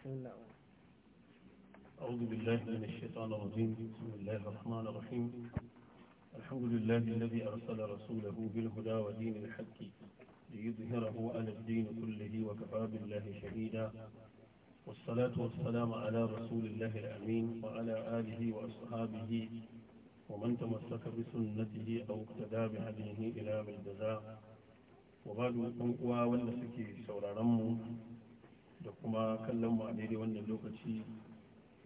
بسم الله أعوذ بالله من الشيطان الرجيم بسم الله الرحمن الرحيم الحمد لله الذي أرسل رسوله بالهدى ودين الحق ليظهره على الدين كله وكفى بالله شهيدا والصلاة والسلام على رسول الله الأمين وعلى آله وأصحابه ومن تمسك بسنته أو اقتدى بهديه إلى بالجزاء وبعد أن أقوى والنسكي سورا رمو da kuma kallon mu a daidai wannan lokaci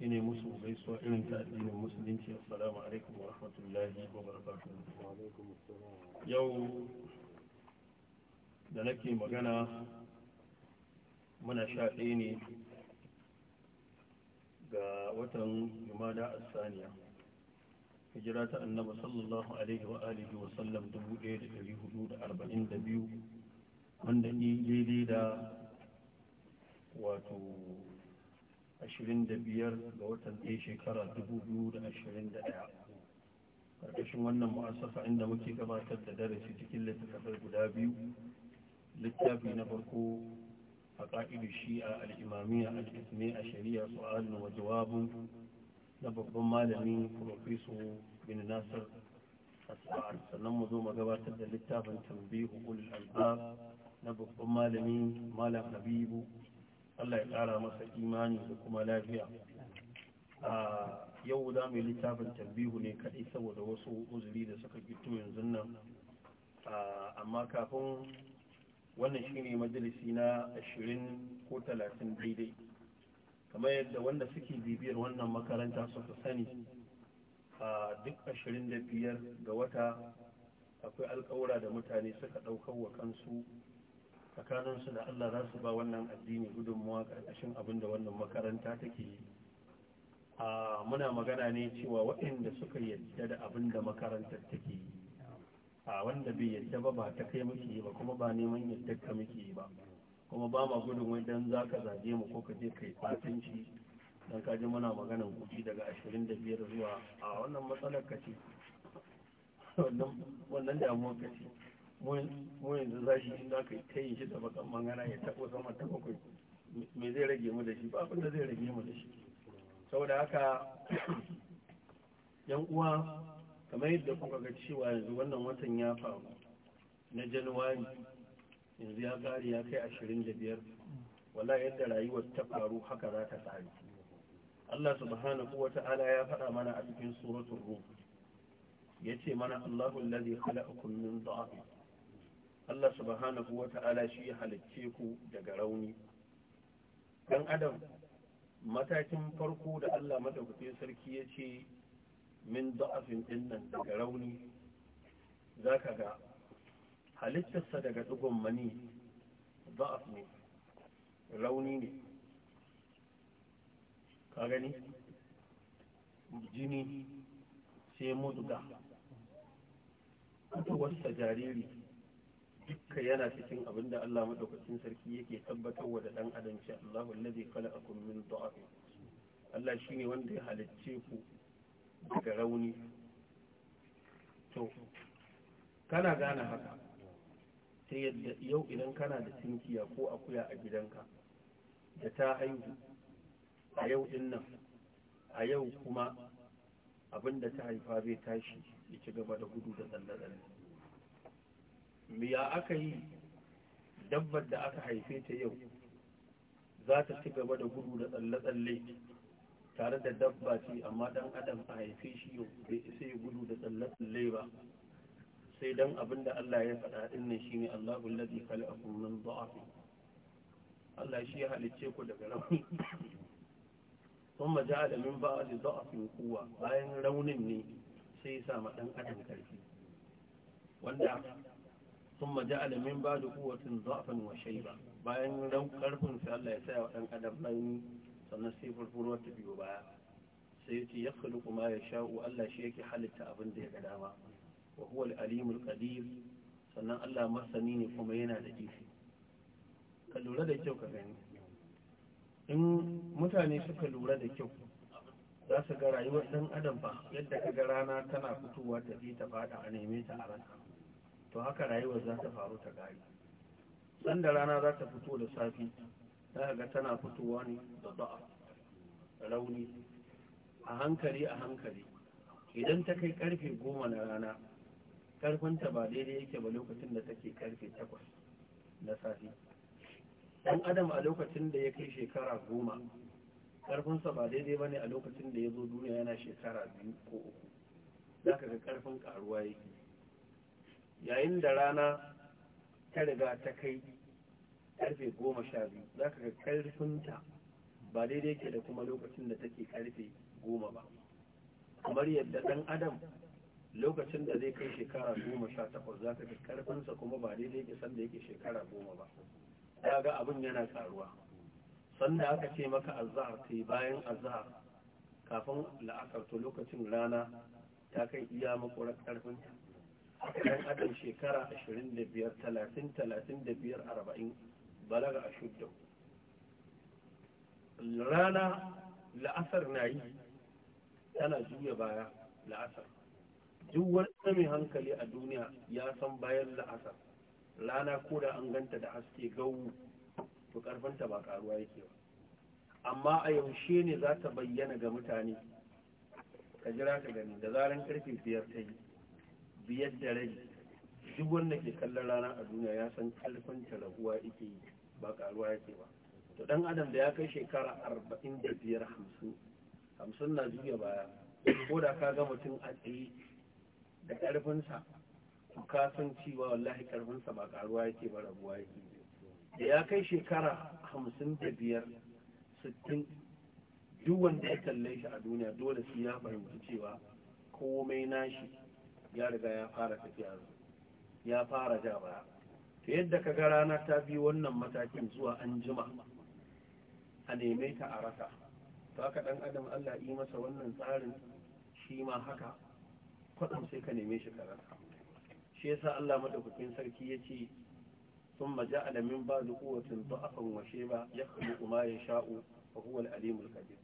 ina musu gaisuwa irin ta addinin musulunci assalamu alaikum wa rahmatullahi wa barakatuh yau da nake magana muna sha ɗaya ne ga watan jumada asaniya hijira ta annaba sallallahu alaihi wa alihi wa sallam 1442 wanda ni daidai da wato 25 ga watan ɗaya shekara 2021 ƙarƙashin wannan ma'asafa inda muke gabatar da darasi cikin littattafai guda biyu littafi na farko a ƙa'idu shi'a al'imamiya al'ismai a shari'a su'alin wa jawabin na babban malamin profeso bin nasar asba'ar sannan mu zo mu gabatar da littafin tambihu ul albab na babban malamin malam habibu Allah ya ƙara masa imani da kuma lafiya a yau za mu yi littafin tambihu ne kaɗai saboda wasu uzuri da suka fito yanzu nan amma kafin wannan shine majalisi na ashirin ko talatin daidai kamar yadda wanda suke bibiyar wannan makaranta suka sani a duk ashirin da biyar ga wata akwai alkawura da mutane suka ɗaukar wa kansu tsakaninsu da Allah za su ba wannan addini gudunmuwa ƙarƙashin abin da wannan makaranta take yi a muna magana ne cewa waɗanda suka yadda da abin da makarantar take yi a wanda bai yadda ba ba ta kai muke yi ba kuma ba neman yadda ka muke yi ba kuma ba ma gudun wai dan za ka zage mu ko ka je kai fatanci dan ka ji muna maganan kuɗi daga ashirin da biyar zuwa a wannan matsalar ka ce wannan damuwar ka ce mu yanzu shi in zaka ka ta yi shi da bakan mangana ya taɓo sama ta bakwai me zai rage mu da shi ba abin da zai rage mu da shi saboda haka yan uwa kamar yadda kuka ga cewa yanzu wannan watan ya faru na januwari yanzu ya kare ya kai ashirin da biyar wala yadda rayuwar ta faru haka za ta tsari Allah subhanahu wa ta'ala ya faɗa mana a cikin suratul ruh yace mana Allahu allazi khalaqakum min dha'fin Allah subhanahu wa ta'ala shi ya halicce ku daga rauni dan adam matakin farko da Allah madaukakin sarki ya ce min da'afin dinnan daga rauni zaka ga halittarsa daga digon mani da'af ne rauni ne ka gani jini sai mutuka fitowarsa jariri dukka yana cikin abin da Allah madaukakin sarki yake tabbatar wa da dan adam cewa Allahu allazi khalaqakum min da'af Allah shine wanda ya halicce ku daga rauni to kana gane haka ta yadda yau idan kana da tinkiya ko akuya a gidanka da ta haihu a yau din nan a yau kuma abin da ta haifa zai tashi ya ci gaba da gudu da tsalle-tsalle miya aka yi dabbar da aka haife ta yau za ta ci gaba da gudu da tsalle-tsalle tare da dabba ce amma dan adam a haife shi yau bai isa ya gudu da tsalle-tsalle ba sai dan abin da Allah ya faɗa din Allah shine Allahu alladhi khalaqakum min dha'f Allah shi ya halicce ku daga rauni kuma ja'ala min ba'di dha'fin quwwa bayan raunin ne sai ya sa ma dan adam karfi wanda ثم جعل من بعد قوة ضعفا ba. bayan ran karfin sai Allah ya saya wa dan adam rauni sannan sai furfuruwar ta biyo baya sai yace ya kuma ya sha'u. Allah shi yake halitta abin da ya ga dama wa huwa al-alimul qadir sannan Allah masani ne kuma yana da iko ka lura da kyau ka gani in mutane suka lura da kyau za su ga rayuwar ɗan adam ba yadda ka ga rana tana fitowa ta fi ta fada a neme ta a to haka rayuwar za ta faru ta gari sanda rana za ta fito da safi za ga tana fitowa ne da ba'a rauni a hankali a hankali idan ta kai karfe goma na rana karfinta ba daidai yake ba lokacin da take karfe takwas na safi Ɗan adam a lokacin da ya kai shekara goma karfinsa ba daidai ba ne a lokacin da ya zo duniya yana shekara biyu ko uku za ka ga karfin karuwa yake yayin da rana ta riga ta kai karfe goma sha biyu za ka ga karfinta ba daidai ke da kuma lokacin da take karfe goma ba kamar yadda ɗan adam lokacin da zai kai shekara goma sha takwas za ka ga karfinsa kuma ba daidai ke sanda yake shekara goma ba ya ga abin yana karuwa sanda aka ce maka azahar sai bayan azahar kafin la'akar to lokacin rana ta kai iya makwarar karfinta 'yan adam shekara 25 30 35 40 balaga a shudda rana la'asar na yi tana juya baya la'asar duk wani mai hankali a duniya ya san bayan la'asar rana ko da an ganta da haske gawu to karfanta ba karuwa yake ba amma a yaushe ne za ta bayyana ga mutane ka jira ka gani da zaran karfe biyar ta yi biyar da rai duk wanda ke kallon rana a duniya ya san karfin ta raguwa yake yi ba karuwa yake ba to dan adam da ya kai shekara arba'in da biyar hamsin hamsin na juya baya ko da ka ga mutum a tsaye da karfinsa to ka san cewa wallahi karfinsa ba karuwa yake ba raguwa yake da ya kai shekara hamsin da biyar sittin duk wanda ya kalle shi a duniya dole su ya fahimci cewa komai nashi ya riga ya fara tafiya ya fara ja baya ta yadda ka ga rana ta bi wannan matakin zuwa an jima a neme ta a raka, to ka ɗan adam Allah yi masa wannan tsarin shi ma haka kwaɗin sai ka neme shi ka raka. shi yasa Allah madaukakin sarki ya ce ثم جعل ba. بعد قوة ضعفا وشيبا ya sha'u يشاء وهو alimul القدير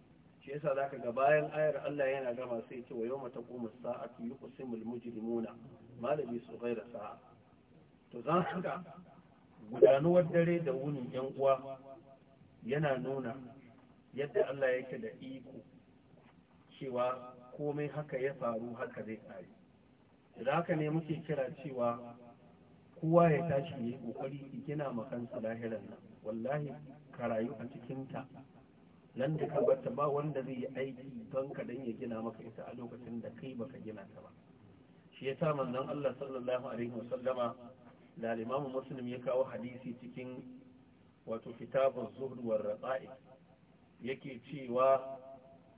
shi yasa zaka ga bayan ayar Allah yana gama sai ce wa yawma taqumu as-sa'atu al mujrimuna malabi su ghaira sa'a to zan haka gudanuwar dare da wunin yan uwa yana nuna yadda Allah yake da iko cewa komai haka ya faru haka zai kare da haka ne muke kira cewa kowa ya tashi ne kokari gina makansa lahiran nan wallahi ka rayu a cikinta nan da ka bata ba wanda zai yi aiki don ka dan ya gina maka ita a lokacin da kai baka gina ta ba shi ya sa manzon Allah sallallahu alaihi wasallama da Muslim ya kawo hadisi cikin wato kitabuz zuhd war raqa'iq yake cewa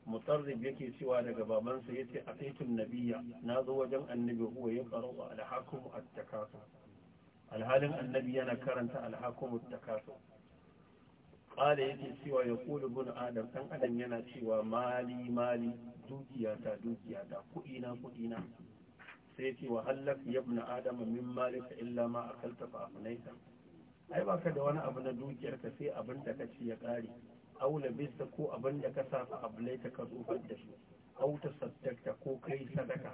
mutarrib yake cewa daga babansa yace ataitun nabiyya nazo wajen annabi huwa ya al-hakum at-takasur alhalin annabi yana karanta al-hakum at-takasur ƙala yake cewa ya kula bin adam ɗan adam yana cewa mali mali dukiyata dukiyata kuɗina kuɗina sai ce wa hallaka ya bin adam min ka illa ma a kalta fa afunaita ai baka da wani abu na dukiyarka sai abin da ka ci ya ƙare aula bisa ko abin da ka safa abulaita ka tsofar da shi au ta ko kai sadaka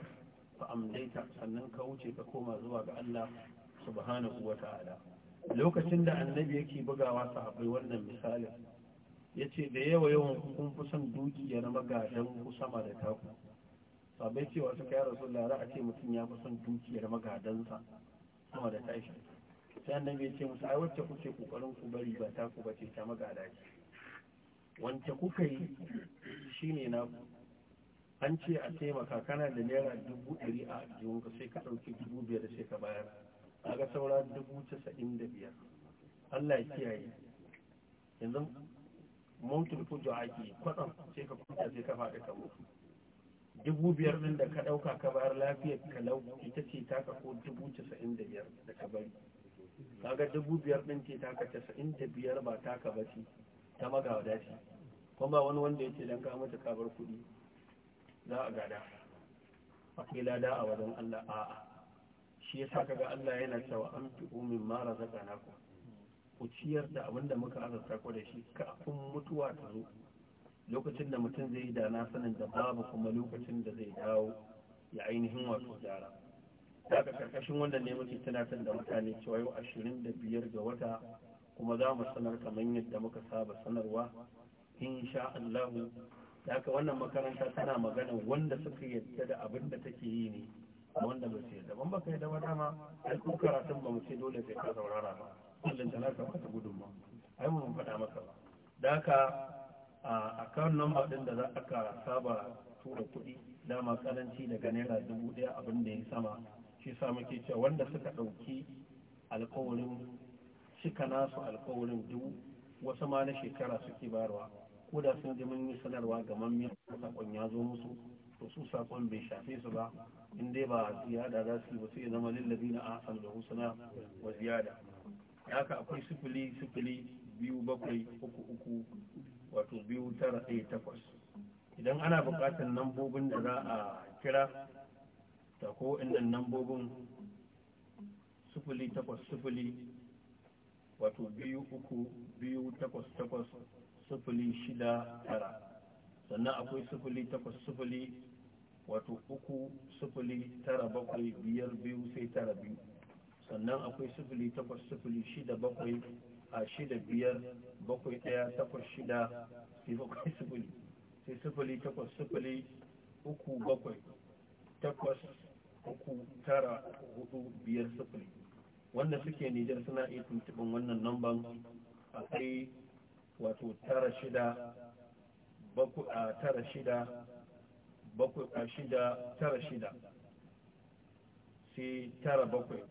fa amdaita sannan ka wuce ka koma zuwa ga Allah subhanahu wa ta'ala lokacin da annabi yake bugawa sahabbai wannan misalin ya ce da yawa yawan kun fi son dukiyar magadan ku sama da taku sabai ce suka yi rasu lara a ce mutum ya fi son dukiyar magadansa sama da tashi sai annabi ya ce musu ai wacce kuke kokarin ku bari ba taku ba ce ta magada ce Wacce kuka yi shine na an ce a taimaka kana da naira dubu ɗari a ajiyunka sai ka ɗauki dubu biyar sai ka bayar a ga saura dubu casa'in da biyar allah ya kiyaye yanzu mautul fujo ake kwatsam sai ka kuta sai ka faɗi ka mutu dubu biyar ɗin da ka ɗauka ka bayar lafiyar kalau ita ce taka ko dubu casa'in da biyar da ka bari kaga dubu biyar ɗin ce taka casa'in da biyar ba taka ba bace ta wa dace kuma ba wani wanda ya ce don ka ta kabar kuɗi za a gada akwai lada a wajen allah a'a shi ya yasa kaga Allah yana cewa an fi umin zaka na ku ciyar da abin da muka azurta ku da shi kafin mutuwa ta zo lokacin da mutum zai yi da na sanin da babu kuma lokacin da zai dawo ya ainihin wato gyara daga karkashin wannan ne muke tunatar da mutane cewa yau ashirin da biyar ga wata kuma za mu sanar kamar yadda muka saba sanarwa insha Allah daga wannan makaranta tana magana wanda suka yadda da abin da take yi ne wanda ba da yadda ban baka dama ai kun karatun ba mu ce dole sai ka saurara ba kullum ta gudun ba ai mun faɗa maka ba da haka a kan lamba ɗin da za a ka saba tura kuɗi dama karanci daga naira dubu ɗaya abin da ya sama shi sa muke cewa wanda suka ɗauki alkawarin cika nasu alkawarin dubu wasu ma na shekara suke bayarwa ko da sun ji mun yi sanarwa ga mammiyar sakon ya zo musu to su sakon bai shafe su ba in dai ba ziyada za su yi ba ya zama lillabi na asan da na wa ziyada ka akwai sifili sifili biyu bakwai uku uku wato biyu tara ɗaya takwas idan ana buƙatar nambobin da za a kira ta ko inda nambobin sifili takwas sifili wato biyu uku biyu takwas takwas sifili shida tara sannan akwai sifili takwas sifili wato uku sufuli tara bakwai biyar biyu sai tara biyu sannan akwai sufuli takwas sufuli shida bakwai a shida biyar bakwai ɗaya takwas shida sai bakwai sufuli sai sufuli takwas sufuli uku bakwai takwas uku tara hudu biyar sufuli wanda suke nijar suna iya tuntuɓin wannan namban akwai wato tara shida bakwai a tara shida bakwai a shida tara shida sai tara bakwai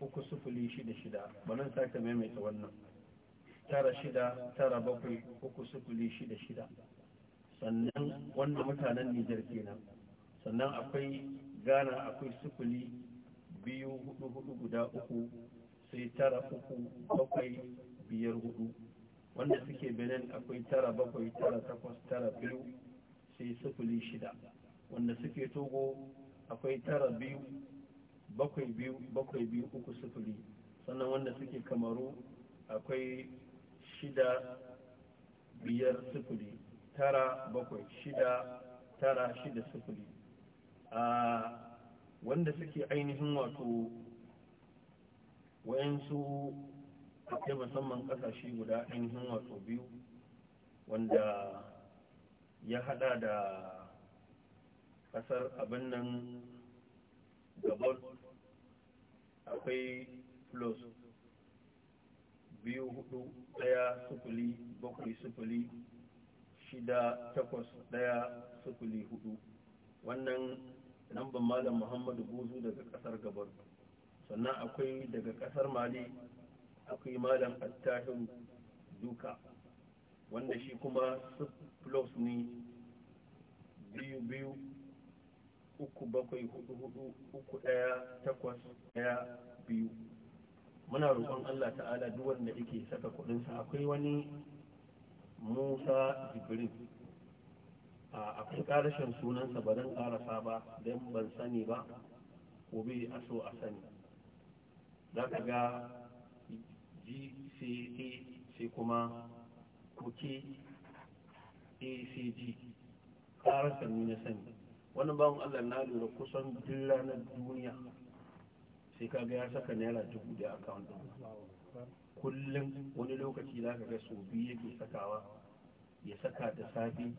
uku sufuli shida shida ba banan sake maimaita wannan tara shida tara bakwai uku sufuli shida shida sannan wanda mutanen nijar kenan sannan akwai gana akwai sufuli biyu hudu hudu guda uku sai tara uku bakwai biyar hudu wanda suke benin akwai tara bakwai tara takwas tara biyu sai sufuli shida wanda suke togo akwai tara biyu bakwai biyu bakwai biyu uku sufuli sannan wanda suke kamaru akwai shida biyar sufuli tara bakwai shida tara shida sufuli a wanda suke ainihin wato wayansu kai musamman kasashe guda ainihin wato biyu wanda ya hada da kasar abin nan gabon akwai plus biyu hudu daya sufuli bakwai sufuli shida takwas daya sufuli hudu wannan lambar malam muhammadu buzu daga kasar gabon sannan akwai daga kasar mali akwai malam attahiru duka wanda shi kuma plus ni biyu biyu uku bakwai hudu hudu uku daya takwas daya biyu muna roƙon Allah ta'ala duk wanda yake saka sa akwai wani Musa jibril a akwai sunan sunansa ba zan karasa ba don ban sani ba gobe a so a sani za ka ga gca sai kuma kuki acg ƙararsa ni na sani wani bawan allah na lura kusan duk ranar duniya sai ka ga ya saka naira dubu da akawun kullum wani lokaci za ka ga sau biyu yake sakawa ya saka da safi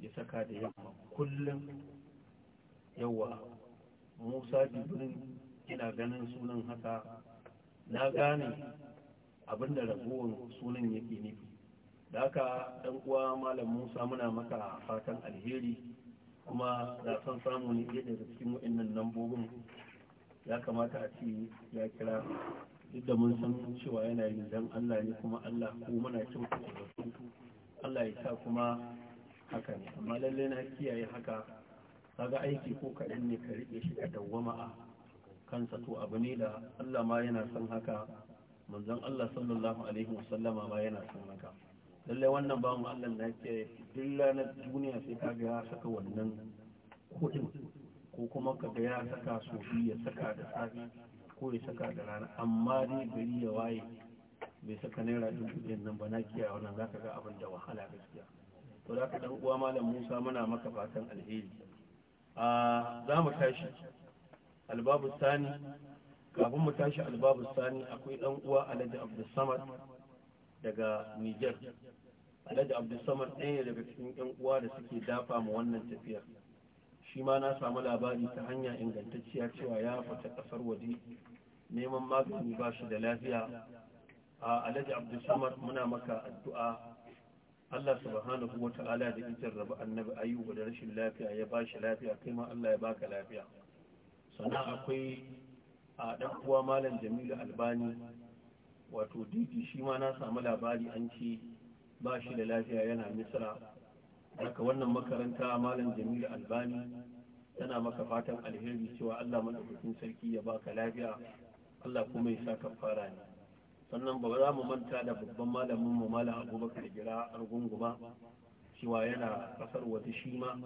ya saka da yamma kullum yawa musa dubin ina ganin sunan haka na gane abinda ragowar sunan yake nufi da aka ɗan uwa malam Musa muna maka fatan alheri kuma da son samu ne iya daga cikin wa'annan lambobin ya kamata a ce ya kira duk da mun san cewa yana yin don Allah ne kuma Allah ko muna cin kuɗi Allah ya sa kuma haka ne amma lalle na kiyaye haka kaga aiki ko kaɗan ne ka riƙe shi ka dawwama a kansa to abu ne da Allah ma yana son haka manzon Allah sallallahu alaihi wasallama ma yana son haka lallai wannan ba mu Allah na ke duk ranar duniya sai ka ga ya saka wannan kuɗin ko kuma ka ga ya saka sofi ya saka da tsari ko ya saka da rana amma dai gari ya waye bai saka naira dubu ɗin nan ba na kiya wannan za ka ga abin da wahala gaskiya to da ka dan uwa malam Musa muna maka fatan alheri a za mu tashi albabu sani kafin mu tashi albabu sani akwai dan uwa Alhaji Abdul Samad daga Nijar. Alhaji Abdulsamad ɗaya daga cikin 'yan uwa da suke dafa ma wannan tafiyar. Shi ma na samu labari ta hanya ingantacciya cewa ya fita ƙasar waje neman magani ba shi da lafiya. A Alhaji Abdulsamad muna maka addu'a Allah subhanahu wa ta'ala da ikin rabu annabi ayyuba da rashin lafiya ya ba shi lafiya kai ma Allah ya baka lafiya. Sannan akwai a ɗan uwa Malam Jamilu Albani wato didi shi ma na samu labari an ce ba shi da lafiya yana misra daga wannan makaranta malam jamilu albani tana maka fatan alheri cewa allah madaukakin sarki ya baka lafiya allah kuma ya sa ka fara ne sannan ba za mu manta da babban malamin mu malam abubakar gira argunguma cewa yana kasar wata shi ma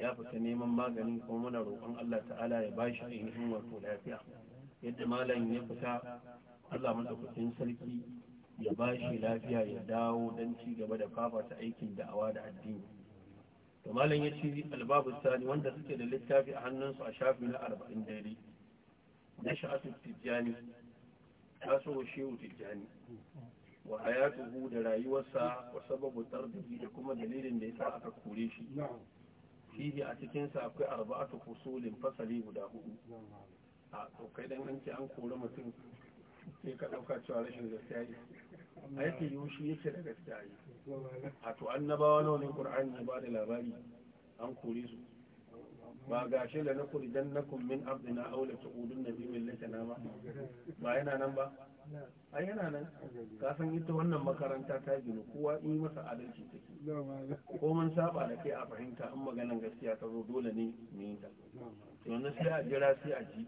ya fita neman magani kuma muna roƙon allah ta'ala ya shi ainihin wato lafiya yadda malam ya fita Allah madaukakin sarki ya ba shi lafiya ya dawo don ci gaba da fafata aikin da'awa da addini to malam ya ci albabu sani wanda suke da littafi a hannunsu a shafi na arba'in daidai na sha'atu tijjani taso shehu tijjani wa hayatuhu da rayuwarsa wa sababu tarbihi da kuma dalilin da ya yasa aka kore shi fihi a cikinsa akwai arba'atu fusulin fasali guda hudu a to kai dan an ce an kore mutum sai ka ɗauka cewa rashin gaskiya ne a yake yi shi yake da gaskiya ne a to annabawa nawa ne ƙur'ani ya ba da labari an kore su ba ga shi da na kuri dan kummin min na aula na biyu mai na ba ba yana nan ba a yana nan ka san ita wannan makaranta ta gina kowa in masa adalci ke ko mun saba da kai a fahimta an maganan gaskiya ta zo dole ne mu yi ta to sai a jira sai a ji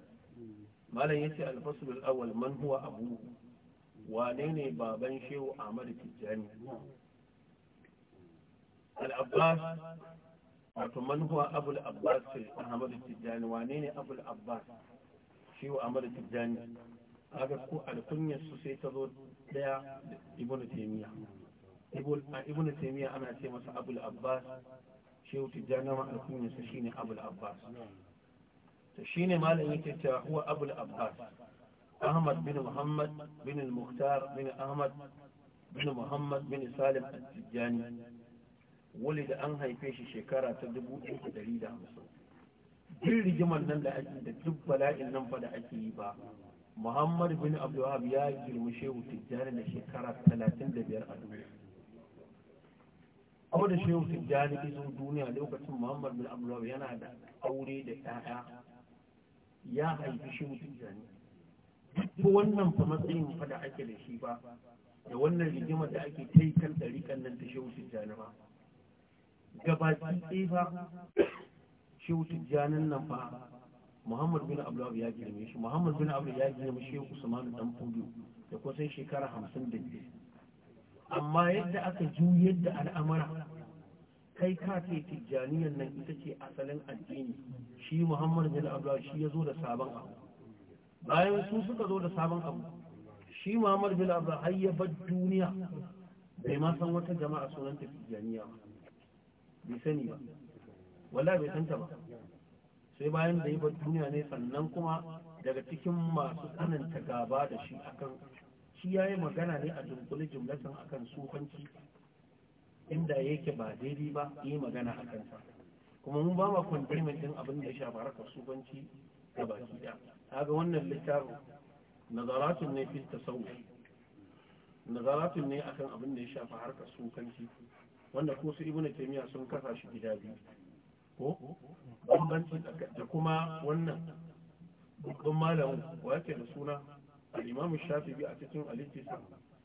malam yace al-fasl al-awwal man huwa abu wane ne baban shehu Ahmad Tijjani al-Abbas wato man huwa Abu al-Abbas Ahmad Tijjani wane ne Abu al-Abbas shehu Ahmad Tijjani kaga ko al-kunyar su sai ta zo daya Ibn Taymiyyah Ibn Taymiyyah ana ce masa Abu al-Abbas shehu Tijani ma al-kunyar sa shine Abu al-Abbas shine ne malamin cewa huwa abul abbas ahmad bin muhammad bin al-mukhtar bin ahmad bin muhammad bin salim al-tijjani wali da an haife shi shekara ta 1150 Bin rigimar nan da ake da duk bala'in nan fa da ake yi ba muhammad bin Abdullahi ya yi girma shehu tijjani da shekara 35 a duniya abu da shehu tijjani izo duniya lokacin muhammad bin Abdullahi yana da aure da 'ya'ya ya haifi shehu tijjani duk wannan fa matsayin fa da ake da shi ba da wannan rigimar da ake ta yi kan ɗariƙan nan ta shehu tijjani ba gabaki ɗaya ba shehu tijjanin nan fa muhammad bin abdullahi ya girme shi muhammad bin abdullahi ya girme shehu usman dan fudu da kusan shekara hamsin da biyu amma yadda aka juyar da al'amara kai ka ce tijjaniyar nan ita ce asalin addini shi Muhammadu bin abdullahi shi ya zo da sabon abu bayan su suka zo da sabon abu shi Muhammadu bin abdullahi har ya bar duniya bai ma san wata jama'a sunan ta tijjaniya ba bai sani ba Wala bai santa ba sai bayan da ya bar duniya ne sannan kuma daga cikin masu tsananta gaba da shi akan shi ya yi magana ne a dunkule jimlatan akan sufanci inda yake ba daidai ba yi magana a kansa kuma mun ba ma kwandirmin din abin da ya shafa harkar subanci da baki daya ga wannan littafin nazaratun ne fi tasawuf nazaratun ne akan abin da ya shafa harkar sukanci wanda ko su na kemiya sun kasa shi gida biyu ko bambanci da kuma wannan babban malamin wa yake da suna al shafi biyu a cikin al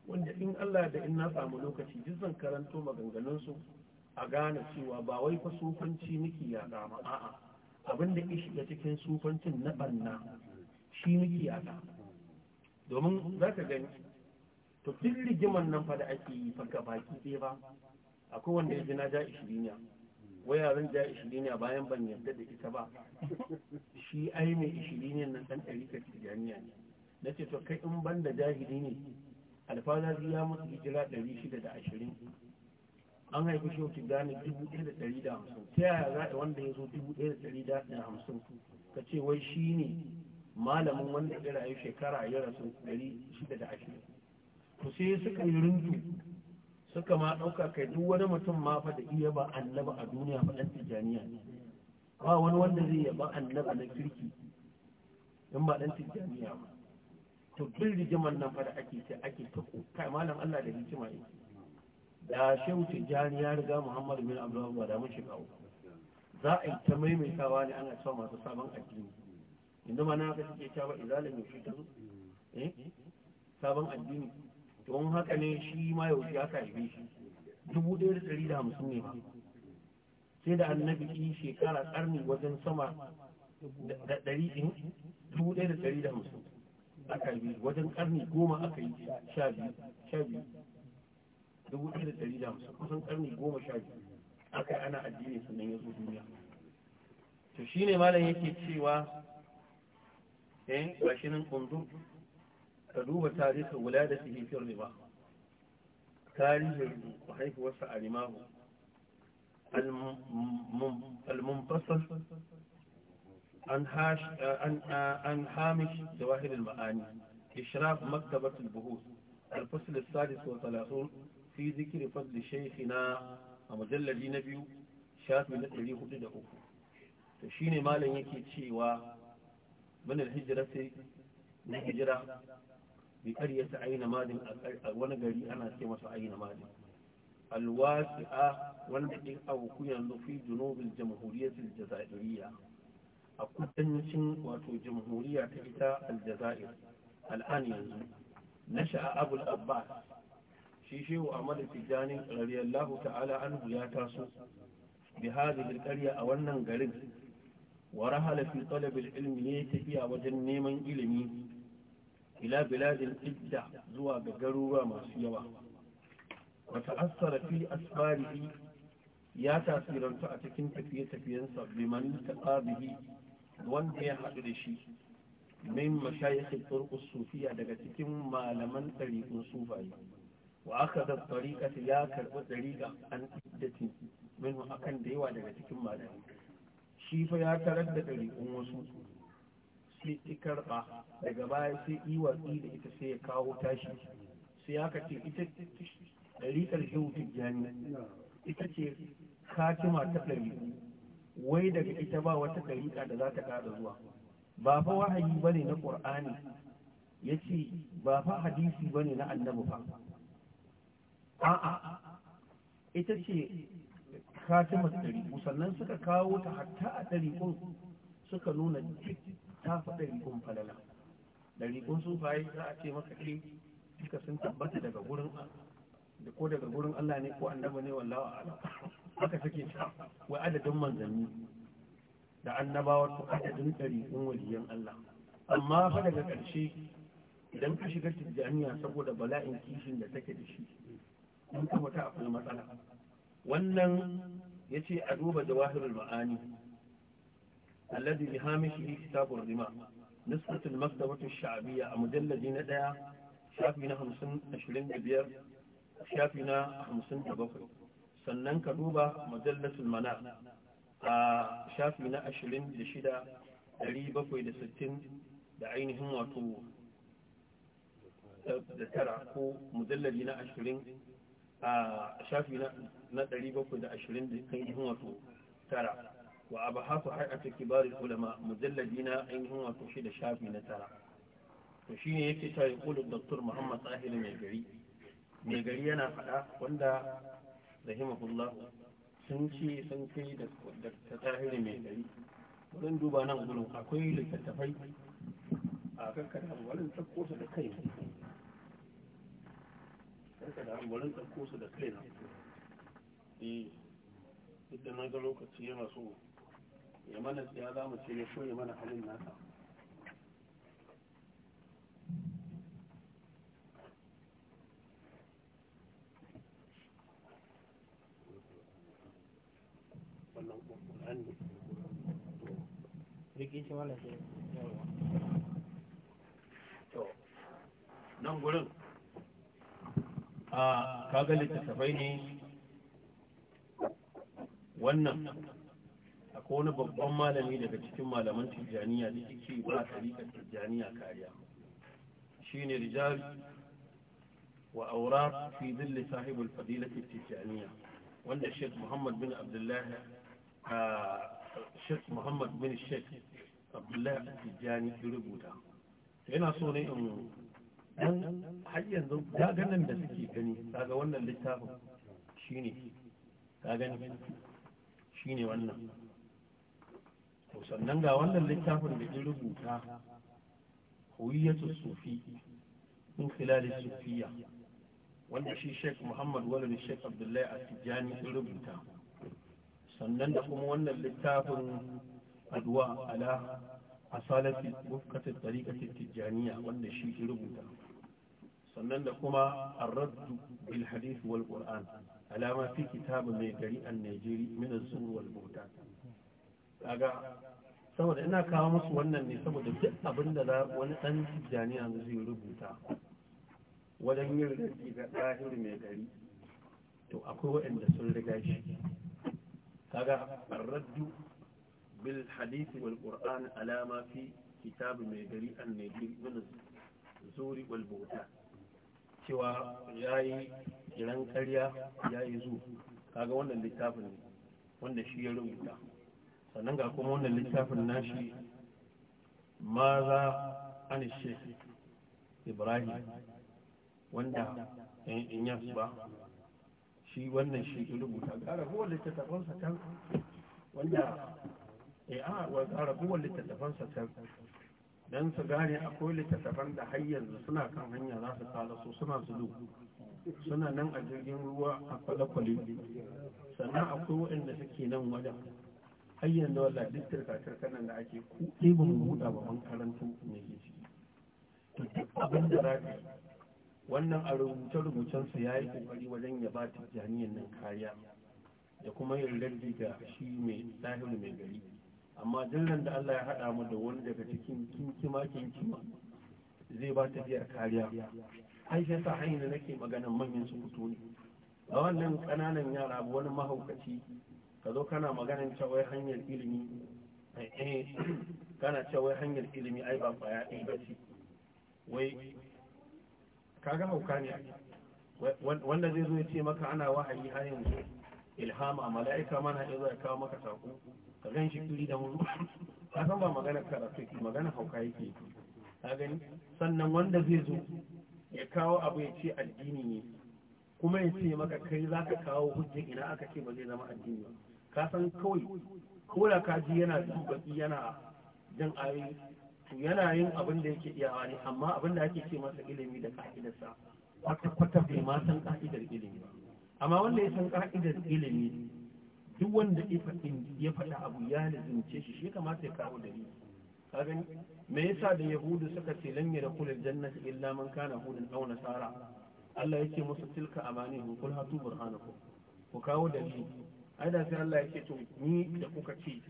wanda in Allah da in na samu lokaci duk zan karanto maganganunsu a gane cewa ba wai fa sufanci miki ya gama a'a abin da ke shiga cikin sufancin na banna shi miki ya ga domin za ka gani to duk rigiman nan fa da ake yi fa ga baki dai ba akwai wanda ya ji na ja ishiriniya waya zan ja ishiriniya bayan ban yarda da ita ba shi ai mai ishiriniyan nan ɗan ɗari ka tijaniya ne na ce to kai in ban da jahili ne zai ya mutu da 620 an haifi shoki gane 1150 ta yaya za a wanda ya zo 1150 ka ce wai shi ne malamin wanda ya rayu shekara ya rasu 620 Ku sai suka yi rintu suka ma ɗauka kai duk wani mutum ma fa da iya ba annaba a duniya ba ɗan tijjaniya ba wani wanda zai yaba annaba na kirki in ba ɗan tijjaniya ba to duk rigimar nan fa da ake ce ake ta kai malam Allah da hikima ne da shehu jani ya riga muhammadu bin abdullahi ba da mun kawo za a yi ta maimaitawa ne ana cewa masu sabon addini inda ma na ga suke cewa izalin yaushe ta zo eh sabon addini don haka ne shi ma yaushe ya karbe shi dubu ɗaya da ɗari da hamsin ne ba sai da annabi yi shekara ƙarni wajen sama da ɗari eh? dubu ɗaya da ɗari da hamsin aka yi wajen karni goma aka yi sha biyu sha biyu dubu ɗaya da ɗari da hamsin kusan karni goma sha biyu aka yi ana addini sannan ya zo duniya to shi ne malam yake cewa eh ga shi nan kundu ka duba tarihi wula da su hifiyar riba tarihin haihuwarsa a limahu al-munfasal Eh, eh, an hamish zawahir al-ma'ani ishraf maktabat al-buhuth al-fasl al-sadis wa thalathun fi dhikri fadl shaykhina a mujallali na biyu shafi na ɗari hudu da uku ta shi ne yake cewa mana hijira sai na hijira bi ƙarya ta aina malin a wani gari ana ce masa aina malin alwasi a wanda ɗin abu kuyan lufi junubin jamhuriyar jazairiyya a kudancin wato jamhuriya ta ita aljazair al'an yanzu na sha'abul abbas shi shehu amadu tijjani radiyallahu ta'ala anhu ya taso bi hadhihi alqarya a wannan garin wa rahala fi talab alilm ya tafiya wajen neman ilimi ila biladin idda zuwa ga garuruwa masu yawa wa ta'assara fi asfarihi ya tasiranta a cikin tafiye-tafiyensa bi man taqa bihi wanda ya haɗu da shi min mashayikh al-turq as-sufiyya daga cikin malaman tariqun sufayi wa akhadha tariqat ya karɓi tariqa an iddati min akan da yawa daga cikin malamai shi fa ya tarar da tariqun wasu sai ki karɓa daga baya sai yi da ita sai ya kawo tashi sai aka ce ita tariqar shehu tijjani ita ce katima ta ɗariƙu wai daga ita ba wata ɗariƙa da za ta kada zuwa ba fa wahayi ba ne na ƙur'ani ya ce ba fa hadisi ba ne na annabi ba a'a ita ce katimar ɗariƙu sannan suka kawo ta hatta a ɗariƙun suka nuna duk ta fi ɗariƙun falala ɗariƙun sufaye za a ce maka ɗari eh, suka sun tabbata daga gurin ko daga gurin Allah ne ko annabi ne wallawa a'lam haka suke ta wai adadin manzanni da annabawar su adadin ɗariƙun waliyan Allah amma fa daga ƙarshe idan ka shiga tijjaniya saboda bala'in kishin da take da shi in ka mutu akwai matsala wannan ya ce a duba jawahirul ma'ani alladhi bi hamishi kitabur rima nisbatul maktabatu sha'biyya a mujalladi na ɗaya shafi na 50 25 shafi na 57 sannan ka duba majallasul manar a shafi na ashirin da shida dari bakwai da sittin da ainihin wato eh, da tara ko mujallali na ashirin a shafi na dari bakwai da ashirin da ainihin wato tara wa abu haku cikin kibarin ulama mujallali na ainihin wato shida shafi na tara to shi ne yake ta yi kulun doktor muhammad tsahirin mai gari mai gari yana faɗa wanda rahimahullah sun ce sun kai da ta tahiri mai dari wurin duba nan gudun akwai littattafai a kankan wurin tsakko su da kai na wurin tsakko su da kai na eh, duk da na ga lokaci yana so ya mana tsaya za mu ce ya so ya mana halin nasa wannan ƙur'an ne riƙe shi wala sai yawa to nan gurin a kaga littattafai ne wannan akwai wani babban malami daga cikin malaman tijjaniya da suke ba tarikar tijjaniya kariya shine rijal wa aurar fi zilli sahibul fadilatul tijjaniya wanda Sheikh Muhammad bin Abdullah Sheikh Muhammad bin Sheikh Abdullahi Tijjani ya rubuta yana so ne in dan har yanzu daganan da suke gani daga wannan littafin shine ka gani shine wannan to sannan ga wannan littafin da ya rubuta huwiyatu sufi min khilal sufiya wanda shi Sheikh Muhammad Walid Sheikh Abdullahi Tijjani ya rubuta sannan da kuma wannan littafin addu'a ala asalati wufqatit tariqatit tijaniya wanda shi ya rubuta sannan da kuma ar-radd bil hadith wal qur'an alama fi kitab mai gari an najeri min az-zur wal kaga saboda ina kawo musu wannan ne saboda duk abin da wani dan tijaniya zai rubuta wajen yin rage ga ɗahir mai gari to akwai waɗanda sun riga shi kaga arraddu bil hadisi wal qur'an alama fi kitab mai gari an ne min zuri wal buta cewa yayi kiran karya yayi zu kaga wannan littafin ne wanda shi ya rubuta sannan ga kuma wannan littafin nashi maza an shi ibrahim wanda in ba shi wannan shi ya rubuta ga ragowar littattafansa can wanda ya eh, a ga ragowar littattafansa can don su gane akwai littattafan da har yanzu suna kan hanya za su kala su suna zulu suna nan a jirgin ruwa a kwale-kwale sannan akwai waɗanda suke nan wajen har yanzu wala duk turka kanan da ake ba mu buɗa ba ban karantu mai ke ciki to duk abin da za ka wannan a rubuce-rubucensa ya yi kokari wajen ya ba tijjaniyar nan kariya da kuma yin lardi ga shi mai ɗahiru mai gari amma dillan da Allah ya haɗa mu da wani daga cikin kinkima kinkima zai ba ta biyar kariya ai sai sa hanyar nake maganan manyan su fito ne a wannan ƙananan yara wani mahaukaci ka zo kana maganan cewa hanyar ilimi eh, eh, kana ai ba ba ya ɗaya ba ce wai kaga hauka ne wanda zai zo ya ce maka ana wahayi har yanzu ilhama mala'ika mana ya zo ya kawo maka sako ka gan shi da mu ka san ba magana karatu yake magana hauka yake ka gani sannan wanda zai zo ya kawo abu ya ce addini ne kuma ya ce maka kai za ka kawo hujja ina aka ce ba zai zama addini ba ka san kawai ko da ka ji yana jin baki yana jan ayoyi yana yin abin da yake iyawa ne amma abin da ake ce masa ilimi da ka'idarsa wata kwata bai ma san ka'idar ilimi amma wanda ya san ka'idar ilimi duk wanda ya faɗa abu ya lazimce shi shi kamata ya kawo dalili ka gani me yasa da yahudu suka ce lan yara kula jannati illa man kana hudun aw nasara Allah yake musu tilka amanihum kul hatu burhanakum ku kawo dalili ai da sai Allah yake to ni da kuka ce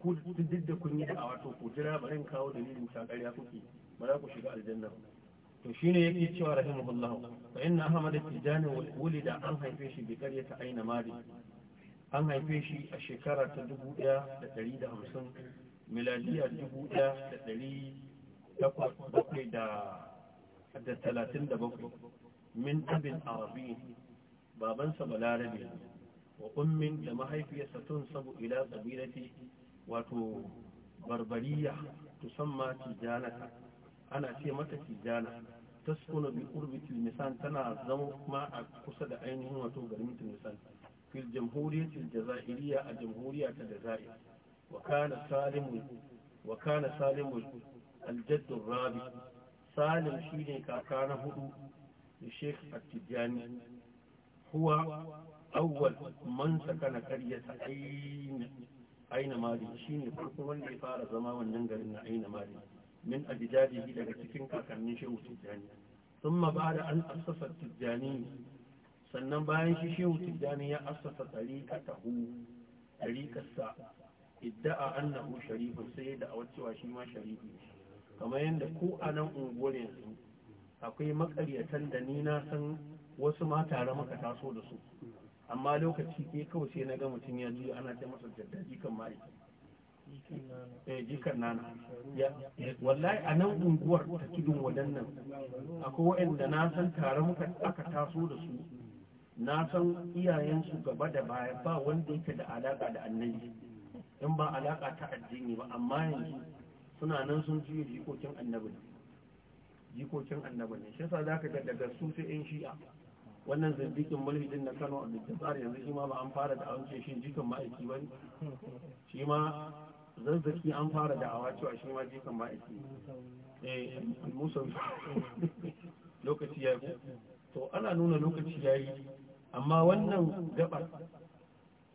ku duk da kun yi da wato ku jira in kawo dalilin ta ƙarya kuke ba za ku shiga aljanna to shine yake cewa rahimahullah fa inna ahmad tijani wulida an haife shi bi ta aina mari an haife shi a shekara ta 1150 miladiya 1837 da talatin da bakwai min abin arabi babansa balarabe wa ummin da mahaifiyarsa tun sabu ila kabilati wato barbariya tusamma tijanata ana ce mata tijana taskuna bi qurbi tilmisan tana zama kuma a kusa da ainihin wato garin tilmisan fil jamhuriyatil jazairiyya a jamhuriya ta jazair wa kana salimu wa kana salim shi ne rabi salim shine kaka na hudu da sheikh at-tijani huwa awwal man sakana karyata ayn aina mali ne farko wanda ya fara zama wannan garin na aina mali min ajdadihi daga cikin kakannin shehu tijjani ba da an asasa tijjani sannan bayan shi shehu tijjani ya asasa assasa tariqatahu tariqatsa idda'a annahu sharifu sai da cewa shi ma sharifi kamar yadda ko a nan unguwar yanzu akwai maƙaryatan da ni na san wasu ma tare maka taso da su amma lokaci ɗaya kawai sai na ga mutum ya juya ana ta masa jadda jikan eh, jikan nana wallahi a nan unguwar ta tudun wadannan akwai waɗanda na san tare muka aka taso da su na san iyayensu gaba da baya ba wanda yake da alaka da annabi in ba alaka ta addini ba amma yanzu suna nan sun juya jikokin annabi jikokin annabi ne shi yasa zaka ga daga su sai yan shi'a wannan zindikin mulhidin din na kano da tsari yanzu shi ma ba an fara da ce shi jikan ma'aiki ba ne shi ma zazzaki an fara da awa cewa shi ma jikan ma'aiki eh musa lokaci ya yi to ana nuna lokaci ya yi amma wannan gabar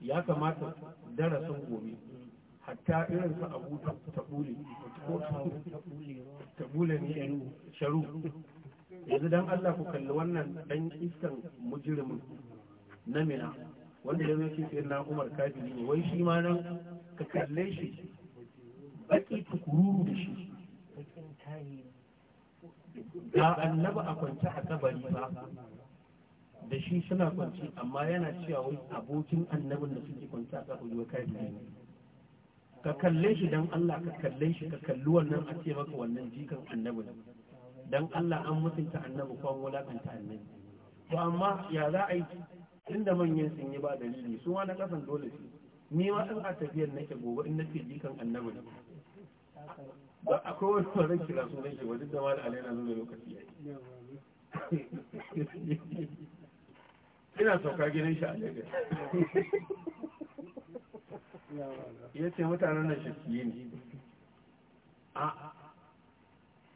ya kamata darasin gobe hatta irin su abu ta bule ko ta bule ne sharu yanzu dan Allah ku kalli wannan dan iskan mujrimin na mina wanda ya zo sai na Umar kafiri ne wai shi ma nan ka kalle shi baki tukuru da shi ga annaba a kwance a kabari ba da shi suna kwance amma yana cewa wai abokin annabin da suke kwance a kabari wa kai ne ka kalle shi dan Allah ka kalle shi ka kalli wannan a ce maka wannan jikan annabin dan Allah an mutunta annabi ko an wulakanta annabi to amma ya za a yi inda manyan sun yi ba dalili su ma na kasan dole su ni ma in a tafiyar nake gobe in nake jikan annabi ne ba akwai wani ba zan kira su nake ba duk da wani alaina zuwa lokaci ya ina sauka gidan shi a lagos ya ce mutanen nan shafiye ne a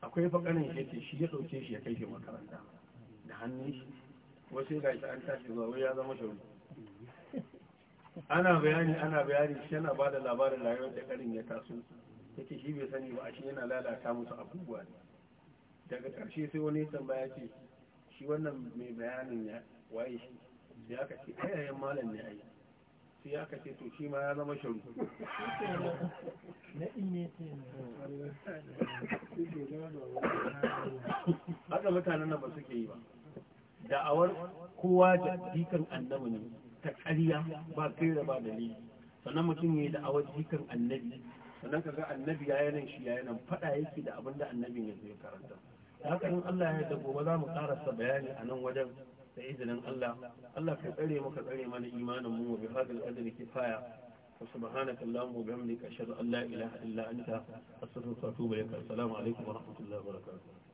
akwai faɗanin shi shi ya ɗauke shi ya kai shi makaranta da hannun shi wasu ga shi an tashi zuwa ya zama shiru ana bayani ana bayani shi yana ba da labarin rayuwar da karin ya taso yake shi bai sani ba a shi yana lalata musu abubuwa ne daga ƙarshe sai wani ya tambaya ce shi wannan mai bayanin ya waye shi ya aka ce ayayen malam ne ayi sai aka ce to shi ma ya zama sharu haka mutanen nan ba suke yi ba da'awar kowa da jikan annabi ne ta ƙarya ba kai da ba dalili sannan mutum ne da'awar jikan annabi sannan kaga annabi ya yanan shi ya yanan faɗa yake da abin da annabin ya zai karanta haka in Allah ya da gobe za mu karasa bayani a nan wajen da izinin Allah Allah ka tsare maka tsare mana imanin mu bi fadil qadri kifaya wa subhanaka allahumma wa bihamdika ashhadu an la ilaha illa anta astaghfiruka wa atubu ilaik assalamu alaikum wa rahmatullahi wa barakatuh